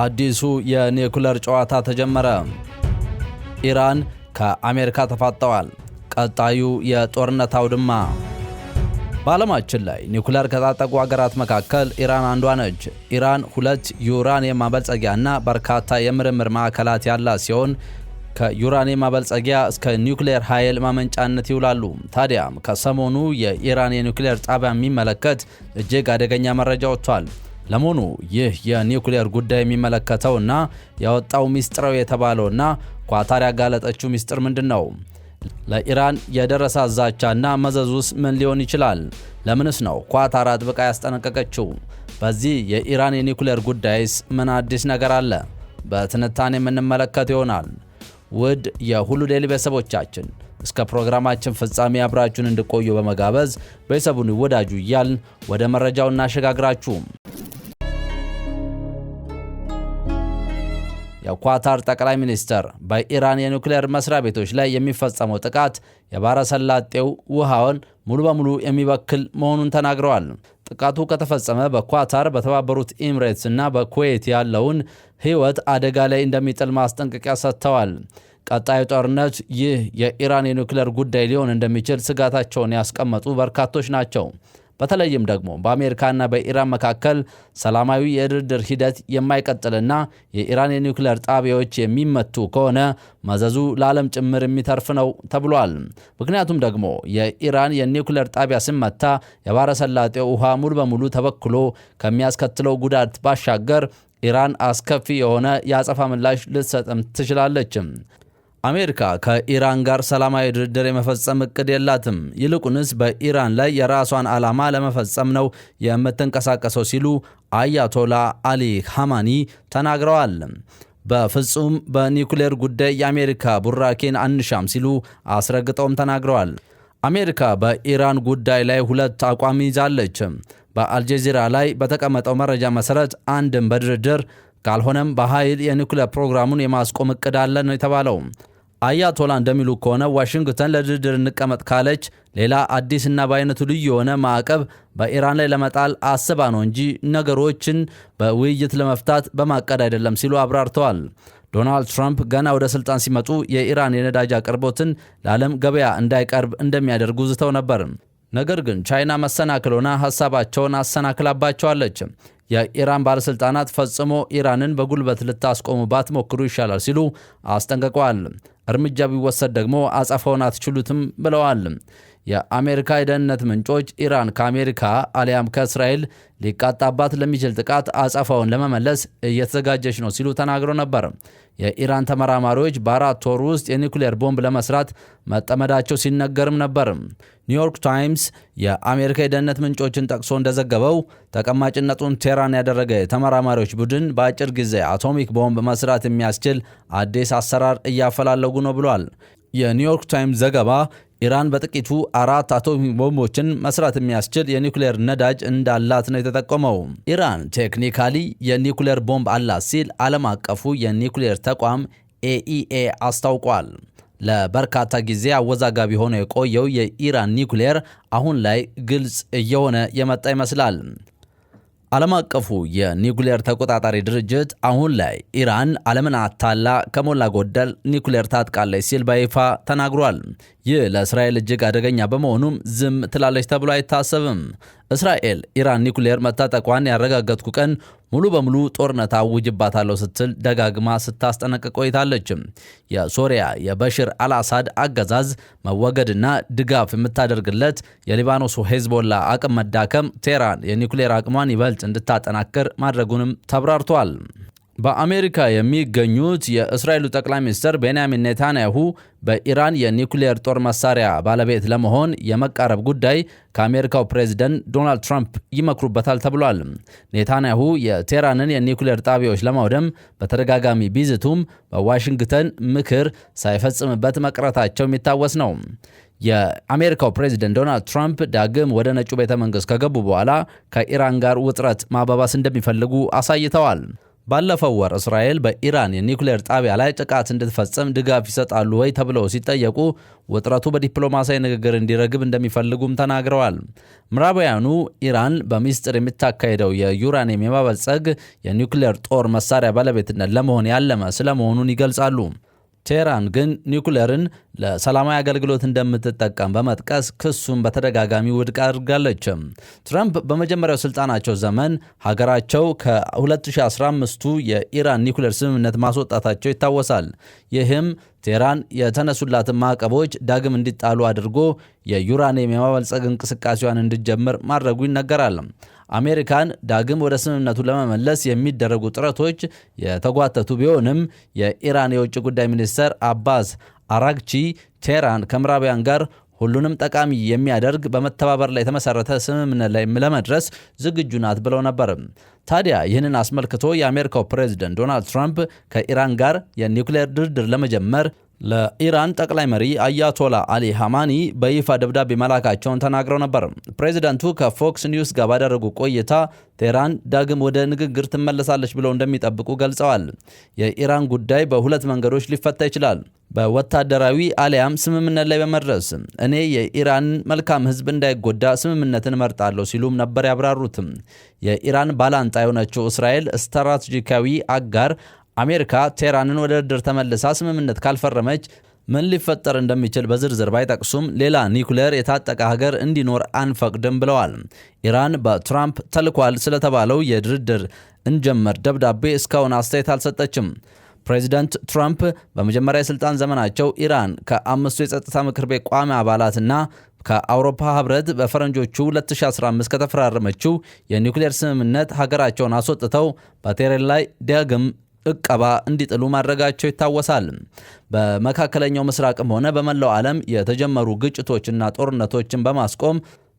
አዲሱ የኒውክለር ጨዋታ ተጀመረ። ኢራን ከአሜሪካ ተፋጠዋል። ቀጣዩ የጦርነት አውድማ። በዓለማችን ላይ ኒውክለር ከታጠቁ አገራት መካከል ኢራን አንዷ ነች። ኢራን ሁለት ዩራኒየም ማበልጸጊያና በርካታ የምርምር ማዕከላት ያላት ሲሆን ከዩራኒየም ማበልጸጊያ እስከ ኒውክሌር ኃይል ማመንጫነት ይውላሉ። ታዲያም ከሰሞኑ የኢራን የኒውክሌር ጣቢያ የሚመለከት እጅግ አደገኛ መረጃ ወጥቷል። ለመሆኑ ይህ የኒውክሌር ጉዳይ የሚመለከተውና ያወጣው ሚስጥራዊ የተባለውና ኳታር ያጋለጠችው ሚስጥር ምንድን ነው? ለኢራን የደረሰ ዛቻና መዘዙስ ምን ሊሆን ይችላል? ለምንስ ነው ኳታር አጥብቃ ያስጠነቀቀችው? በዚህ የኢራን የኒውክሌር ጉዳይስ ምን አዲስ ነገር አለ? በትንታኔ የምንመለከት ይሆናል። ውድ የሁሉ ዴይሊ ቤተሰቦቻችን እስከ ፕሮግራማችን ፍጻሜ አብራችሁን እንድቆዩ በመጋበዝ ቤተሰቡን ይወዳጁ እያል ወደ መረጃው እናሸጋግራችሁም የኳታር ጠቅላይ ሚኒስትር በኢራን የኒውክሌር መስሪያ ቤቶች ላይ የሚፈጸመው ጥቃት የባሕረ ሰላጤው ውሃውን ሙሉ በሙሉ የሚበክል መሆኑን ተናግረዋል። ጥቃቱ ከተፈጸመ በኳታር በተባበሩት ኢምሬትስ እና በኩዌት ያለውን ሕይወት አደጋ ላይ እንደሚጥል ማስጠንቀቂያ ሰጥተዋል። ቀጣዩ ጦርነት ይህ የኢራን የኒውክሌር ጉዳይ ሊሆን እንደሚችል ስጋታቸውን ያስቀመጡ በርካቶች ናቸው። በተለይም ደግሞ በአሜሪካና በኢራን መካከል ሰላማዊ የድርድር ሂደት የማይቀጥልና የኢራን የኒውክሌር ጣቢያዎች የሚመቱ ከሆነ መዘዙ ለዓለም ጭምር የሚተርፍ ነው ተብሏል። ምክንያቱም ደግሞ የኢራን የኒውክሌር ጣቢያ ሲመታ የባረሰላጤው ሰላጤው ውሃ ሙሉ በሙሉ ተበክሎ ከሚያስከትለው ጉዳት ባሻገር ኢራን አስከፊ የሆነ የአጸፋ ምላሽ ልትሰጥም ትችላለች። አሜሪካ ከኢራን ጋር ሰላማዊ ድርድር የመፈጸም እቅድ የላትም። ይልቁንስ በኢራን ላይ የራሷን ዓላማ ለመፈጸም ነው የምትንቀሳቀሰው ሲሉ አያቶላ አሊ ሐማኒ ተናግረዋል። በፍጹም በኒውክሌር ጉዳይ የአሜሪካ ቡራኬን አንሻም ሲሉ አስረግጠውም ተናግረዋል። አሜሪካ በኢራን ጉዳይ ላይ ሁለት አቋም ይዛለች። በአልጀዚራ ላይ በተቀመጠው መረጃ መሰረት አንድም በድርድር ካልሆነም በኃይል የኒኩሌር ፕሮግራሙን የማስቆም እቅድ አለን ነው የተባለው። አያቶላ እንደሚሉ ከሆነ ዋሽንግተን ለድርድር እንቀመጥ ካለች ሌላ አዲስና በአይነቱ ልዩ የሆነ ማዕቀብ በኢራን ላይ ለመጣል አስባ ነው እንጂ ነገሮችን በውይይት ለመፍታት በማቀድ አይደለም ሲሉ አብራርተዋል። ዶናልድ ትራምፕ ገና ወደ ስልጣን ሲመጡ የኢራን የነዳጅ አቅርቦትን ለዓለም ገበያ እንዳይቀርብ እንደሚያደርጉ ዝተው ነበር። ነገር ግን ቻይና መሰናክልና ሀሳባቸውን አሰናክላባቸዋለች። የኢራን ባለሥልጣናት ፈጽሞ ኢራንን በጉልበት ልታስቆሙባት ሞክሩ ይሻላል ሲሉ አስጠንቅቀዋል። እርምጃ ቢወሰድ ደግሞ አጸፋውን አትችሉትም ብለዋል። የአሜሪካ የደህንነት ምንጮች ኢራን ከአሜሪካ አሊያም ከእስራኤል ሊቃጣባት ለሚችል ጥቃት አጸፋውን ለመመለስ እየተዘጋጀች ነው ሲሉ ተናግረው ነበር። የኢራን ተመራማሪዎች በአራት ወር ውስጥ የኒውክሌር ቦምብ ለመስራት መጠመዳቸው ሲነገርም ነበር። ኒውዮርክ ታይምስ የአሜሪካ የደህንነት ምንጮችን ጠቅሶ እንደዘገበው ተቀማጭነቱን ቴህራን ያደረገ የተመራማሪዎች ቡድን በአጭር ጊዜ አቶሚክ ቦምብ መስራት የሚያስችል አዲስ አሰራር እያፈላለጉ ነው ብሏል። የኒውዮርክ ታይምስ ዘገባ ኢራን በጥቂቱ አራት አቶሚ ቦምቦችን መስራት የሚያስችል የኒውክሌር ነዳጅ እንዳላት ነው የተጠቆመው። ኢራን ቴክኒካሊ የኒውክሌር ቦምብ አላት ሲል ዓለም አቀፉ የኒውክሌር ተቋም ኤኢኤ አስታውቋል። ለበርካታ ጊዜ አወዛጋቢ ሆኖ የቆየው የኢራን ኒውክሌር አሁን ላይ ግልጽ እየሆነ የመጣ ይመስላል። ዓለም አቀፉ የኒውክሌር ተቆጣጣሪ ድርጅት አሁን ላይ ኢራን ዓለምን አታላ ከሞላ ጎደል ኒውክሌር ታጥቃለች ሲል በይፋ ተናግሯል። ይህ ለእስራኤል እጅግ አደገኛ በመሆኑም ዝም ትላለች ተብሎ አይታሰብም። እስራኤል ኢራን ኒኩሌር መታጠቋን ያረጋገጥኩ ቀን ሙሉ በሙሉ ጦርነት አውጅባታለሁ ስትል ደጋግማ ስታስጠነቅቅ ቆይታለች። የሶሪያ የበሽር አልአሳድ አገዛዝ መወገድና ድጋፍ የምታደርግለት የሊባኖሱ ሄዝቦላ አቅም መዳከም ቴህራን የኒኩሌር አቅሟን ይበልጥ እንድታጠናክር ማድረጉንም ተብራርቷል። በአሜሪካ የሚገኙት የእስራኤሉ ጠቅላይ ሚኒስትር ቤንያሚን ኔታንያሁ በኢራን የኒውክሌር ጦር መሳሪያ ባለቤት ለመሆን የመቃረብ ጉዳይ ከአሜሪካው ፕሬዚደንት ዶናልድ ትራምፕ ይመክሩበታል ተብሏል። ኔታንያሁ የቴህራንን የኒውክሌር ጣቢያዎች ለማውደም በተደጋጋሚ ቢዝቱም በዋሽንግተን ምክር ሳይፈጽምበት መቅረታቸው የሚታወስ ነው። የአሜሪካው ፕሬዚደንት ዶናልድ ትራምፕ ዳግም ወደ ነጩ ቤተ መንግስት ከገቡ በኋላ ከኢራን ጋር ውጥረት ማባባስ እንደሚፈልጉ አሳይተዋል። ባለፈው ወር እስራኤል በኢራን የኒውክሌር ጣቢያ ላይ ጥቃት እንድትፈጽም ድጋፍ ይሰጣሉ ወይ ተብለው ሲጠየቁ ውጥረቱ በዲፕሎማሲያዊ ንግግር እንዲረግብ እንደሚፈልጉም ተናግረዋል። ምዕራባውያኑ ኢራን በሚስጥር የምታካሄደው የዩራኒየም የማበልጸግ የኒውክሌር ጦር መሳሪያ ባለቤትነት ለመሆን ያለመ ስለመሆኑን ይገልጻሉ። ቴህራን ግን ኒውክሌርን ለሰላማዊ አገልግሎት እንደምትጠቀም በመጥቀስ ክሱን በተደጋጋሚ ውድቅ አድርጋለች። ትራምፕ በመጀመሪያው ስልጣናቸው ዘመን ሀገራቸው ከ2015ቱ የኢራን ኒውክሌር ስምምነት ማስወጣታቸው ይታወሳል። ይህም ቴህራን የተነሱላትን ማዕቀቦች ዳግም እንዲጣሉ አድርጎ የዩራኒየም የማበልጸግ እንቅስቃሴዋን እንዲጀምር ማድረጉ ይነገራል። አሜሪካን ዳግም ወደ ስምምነቱ ለመመለስ የሚደረጉ ጥረቶች የተጓተቱ ቢሆንም የኢራን የውጭ ጉዳይ ሚኒስትር አባስ አራግቺ ቴህራን ከምዕራባውያን ጋር ሁሉንም ጠቃሚ የሚያደርግ በመተባበር ላይ የተመሰረተ ስምምነት ላይ ለመድረስ ዝግጁ ናት ብለው ነበር። ታዲያ ይህንን አስመልክቶ የአሜሪካው ፕሬዚደንት ዶናልድ ትራምፕ ከኢራን ጋር የኒውክሌር ድርድር ለመጀመር ለኢራን ጠቅላይ መሪ አያቶላ አሊ ሃማኒ በይፋ ደብዳቤ መላካቸውን ተናግረው ነበር። ፕሬዚዳንቱ ከፎክስ ኒውስ ጋር ባደረጉ ቆይታ ቴህራን ዳግም ወደ ንግግር ትመለሳለች ብለው እንደሚጠብቁ ገልጸዋል። የኢራን ጉዳይ በሁለት መንገዶች ሊፈታ ይችላል፤ በወታደራዊ አሊያም ስምምነት ላይ በመድረስ እኔ የኢራን መልካም ሕዝብ እንዳይጎዳ ስምምነትን እመርጣለሁ ሲሉም ነበር ያብራሩትም። የኢራን ባላንጣ የሆነችው እስራኤል ስትራቴጂካዊ አጋር አሜሪካ ቴህራንን ወደ ድርድር ተመልሳ ስምምነት ካልፈረመች ምን ሊፈጠር እንደሚችል በዝርዝር ባይጠቅሱም ሌላ ኒውክሌር የታጠቀ ሀገር እንዲኖር አንፈቅድም ብለዋል። ኢራን በትራምፕ ተልኳል ስለተባለው የድርድር እንጀመር ደብዳቤ እስካሁን አስተያየት አልሰጠችም። ፕሬዚደንት ትራምፕ በመጀመሪያ የሥልጣን ዘመናቸው ኢራን ከአምስቱ የጸጥታ ምክር ቤት ቋሚ አባላትና ከአውሮፓ ህብረት በፈረንጆቹ 2015 ከተፈራረመችው የኒውክሌር ስምምነት ሀገራቸውን አስወጥተው በቴህራን ላይ ዳግም እቀባ እንዲጥሉ ማድረጋቸው ይታወሳል። በመካከለኛው ምስራቅም ሆነ በመላው ዓለም የተጀመሩ ግጭቶችና ጦርነቶችን በማስቆም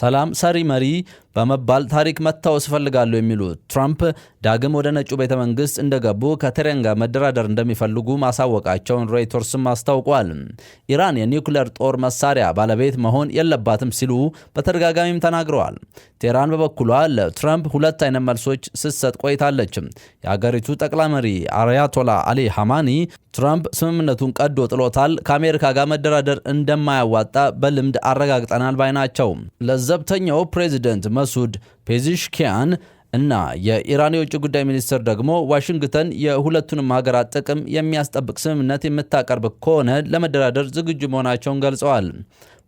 ሰላም ሰሪ መሪ በመባል ታሪክ መታወስ እፈልጋለሁ የሚሉ ትራምፕ ዳግም ወደ ነጩ ቤተ መንግስት እንደገቡ ከቴራን ጋር መደራደር እንደሚፈልጉ ማሳወቃቸውን ሮይተርስም አስታውቋል። ኢራን የኒውክሌር ጦር መሳሪያ ባለቤት መሆን የለባትም ሲሉ በተደጋጋሚም ተናግረዋል። ቴራን በበኩሏ ለትራምፕ ሁለት አይነት መልሶች ስትሰጥ ቆይታለች። የአገሪቱ ጠቅላይ መሪ አያቶላ አሊ ሐማኒ ትራምፕ ስምምነቱን ቀዶ ጥሎታል፣ ከአሜሪካ ጋር መደራደር እንደማያዋጣ በልምድ አረጋግጠናል ባይ ናቸው። ለዘብተኛው ፕሬዚደንት መሱድ ፔዚሽኪያን እና የኢራን የውጭ ጉዳይ ሚኒስትር ደግሞ ዋሽንግተን የሁለቱንም ሀገራት ጥቅም የሚያስጠብቅ ስምምነት የምታቀርብ ከሆነ ለመደራደር ዝግጁ መሆናቸውን ገልጸዋል።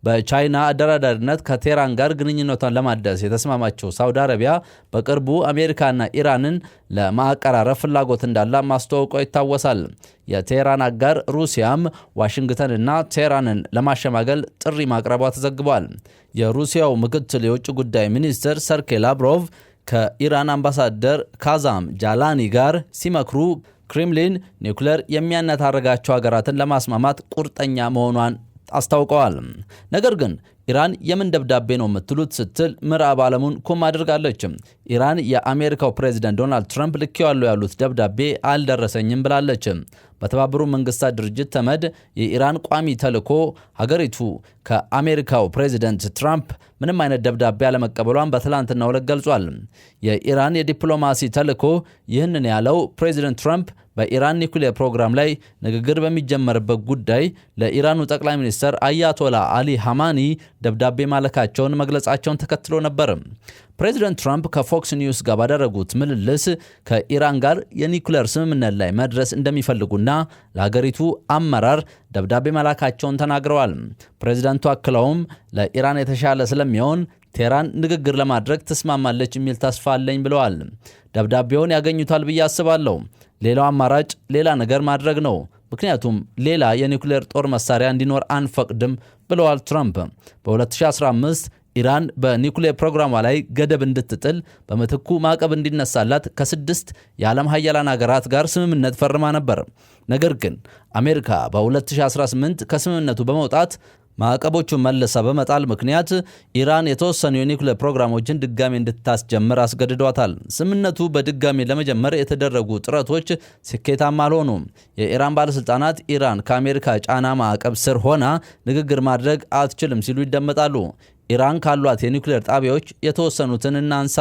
በቻይና አደራዳሪነት ከቴራን ጋር ግንኙነቷን ለማደስ የተስማማቸው ሳውዲ አረቢያ በቅርቡ አሜሪካና ኢራንን ለማቀራረብ ፍላጎት እንዳላ ማስተዋወቋ ይታወሳል። የቴራን አጋር ሩሲያም ዋሽንግተንና ቴራንን ለማሸማገል ጥሪ ማቅረቧ ተዘግቧል። የሩሲያው ምክትል የውጭ ጉዳይ ሚኒስትር ሰርኬ ላቭሮቭ ከኢራን አምባሳደር ካዛም ጃላኒ ጋር ሲመክሩ ክሬምሊን ኒውክሌር የሚያነታረጋቸው ሀገራትን ለማስማማት ቁርጠኛ መሆኗን አስታውቀዋል። ነገር ግን ኢራን የምን ደብዳቤ ነው የምትሉት ስትል ምዕራብ ዓለሙን ኩም አድርጋለች። ኢራን የአሜሪካው ፕሬዚደንት ዶናልድ ትራምፕ ልኬዋለሁ ያሉት ደብዳቤ አልደረሰኝም ብላለች። በተባበሩ መንግስታት ድርጅት ተመድ የኢራን ቋሚ ተልዕኮ ሀገሪቱ ከአሜሪካው ፕሬዚደንት ትራምፕ ምንም አይነት ደብዳቤ አለመቀበሏን በትላንትና ዕለት ገልጿል። የኢራን የዲፕሎማሲ ተልዕኮ ይህንን ያለው ፕሬዚደንት ትራምፕ በኢራን ኒኩሌር ፕሮግራም ላይ ንግግር በሚጀመርበት ጉዳይ ለኢራኑ ጠቅላይ ሚኒስትር አያቶላ አሊ ሃማኒ ደብዳቤ ማለካቸውን መግለጻቸውን ተከትሎ ነበር። ፕሬዚደንት ትራምፕ ከፎክስ ኒውስ ጋር ባደረጉት ምልልስ ከኢራን ጋር የኒኩሌር ስምምነት ላይ መድረስ እንደሚፈልጉና ለሀገሪቱ አመራር ደብዳቤ መላካቸውን ተናግረዋል። ፕሬዚደንቱ አክለውም ለኢራን የተሻለ ስለሚሆን ቴህራን ንግግር ለማድረግ ትስማማለች የሚል ተስፋ አለኝ ብለዋል። ደብዳቤውን ያገኙታል ብዬ አስባለሁ ሌላው አማራጭ ሌላ ነገር ማድረግ ነው። ምክንያቱም ሌላ የኒውክሌር ጦር መሳሪያ እንዲኖር አንፈቅድም ብለዋል ትራምፕ። በ2015 ኢራን በኒውክሌር ፕሮግራሟ ላይ ገደብ እንድትጥል በምትኩ ማዕቀብ እንዲነሳላት ከስድስት የዓለም ሀያላን ሀገራት ጋር ስምምነት ፈርማ ነበር። ነገር ግን አሜሪካ በ2018 ከስምምነቱ በመውጣት ማዕቀቦቹን መልሳ በመጣል ምክንያት ኢራን የተወሰኑ የኒውክሌር ፕሮግራሞችን ድጋሚ እንድታስጀምር አስገድዷታል። ስምምነቱ በድጋሚ ለመጀመር የተደረጉ ጥረቶች ስኬታማ አልሆኑም። የኢራን ባለሥልጣናት ኢራን ከአሜሪካ ጫና ማዕቀብ ስር ሆና ንግግር ማድረግ አትችልም ሲሉ ይደመጣሉ። ኢራን ካሏት የኒውክሌር ጣቢያዎች የተወሰኑትን እናንሳ።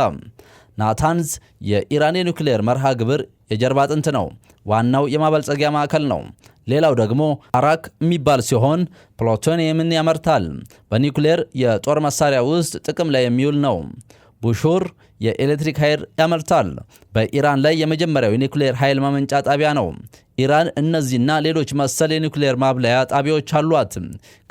ናታንዝ የኢራን የኒውክሌር መርሃ ግብር የጀርባ አጥንት ነው። ዋናው የማበልጸጊያ ማዕከል ነው። ሌላው ደግሞ አራክ የሚባል ሲሆን ፕሎቶኒየምን ያመርታል። በኒውክሌር የጦር መሳሪያ ውስጥ ጥቅም ላይ የሚውል ነው። ቡሹር የኤሌክትሪክ ኃይል ያመርታል። በኢራን ላይ የመጀመሪያው የኒውክሌር ኃይል ማመንጫ ጣቢያ ነው። ኢራን እነዚህና ሌሎች መሰል የኒውክሌር ማብለያ ጣቢያዎች አሏት።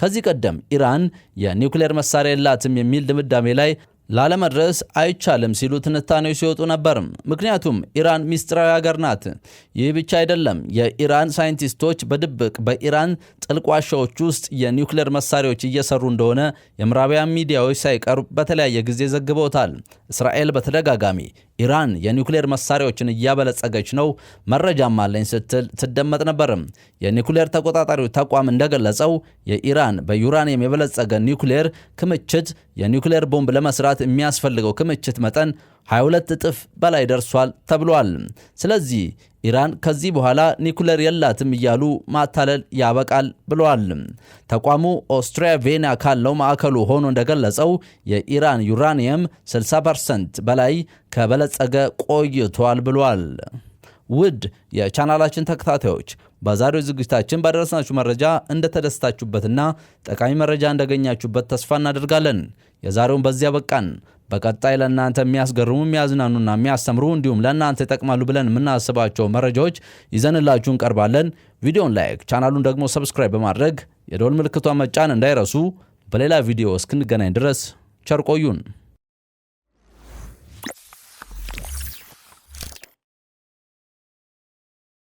ከዚህ ቀደም ኢራን የኒውክሌር መሳሪያ የላትም የሚል ድምዳሜ ላይ ላለመድረስ አይቻልም ሲሉ ትንታኔዎች ሲወጡ ነበር። ምክንያቱም ኢራን ሚስጥራዊ ሀገር ናት። ይህ ብቻ አይደለም። የኢራን ሳይንቲስቶች በድብቅ በኢራን ጥልቅ ዋሻዎች ውስጥ የኒውክሌር መሳሪያዎች እየሰሩ እንደሆነ የምዕራባውያን ሚዲያዎች ሳይቀርብ በተለያየ ጊዜ ዘግበውታል። እስራኤል በተደጋጋሚ ኢራን የኒውክሌር መሳሪያዎችን እያበለጸገች ነው፣ መረጃም አለኝ ስትል ትደመጥ ነበርም። የኒውክሌር ተቆጣጣሪው ተቋም እንደገለጸው የኢራን በዩራኒየም የበለጸገ ኒውክሌር ክምችት የኒውክሌር ቦምብ ለመስራት የሚያስፈልገው ክምችት መጠን 22 እጥፍ በላይ ደርሷል ተብሏል። ስለዚህ ኢራን ከዚህ በኋላ ኒኩለር የላትም እያሉ ማታለል ያበቃል ብለዋል። ተቋሙ ኦስትሪያ ቬና ካለው ማዕከሉ ሆኖ እንደገለጸው የኢራን ዩራኒየም 60 ፐርሰንት በላይ ከበለጸገ ቆይቷል ብሏል። ውድ የቻናላችን ተከታታዮች በዛሬው ዝግጅታችን ባደረስናችሁ መረጃ እንደተደስታችሁበትና ጠቃሚ መረጃ እንደገኛችሁበት ተስፋ እናደርጋለን። የዛሬውን በዚያ በቃን። በቀጣይ ለእናንተ የሚያስገርሙ የሚያዝናኑና የሚያስተምሩ እንዲሁም ለእናንተ ይጠቅማሉ ብለን የምናስባቸው መረጃዎች ይዘንላችሁ እንቀርባለን። ቪዲዮን ላይክ፣ ቻናሉን ደግሞ ሰብስክራይብ በማድረግ የደወል ምልክቷን መጫን እንዳይረሱ። በሌላ ቪዲዮ እስክንገናኝ ድረስ ቸርቆዩን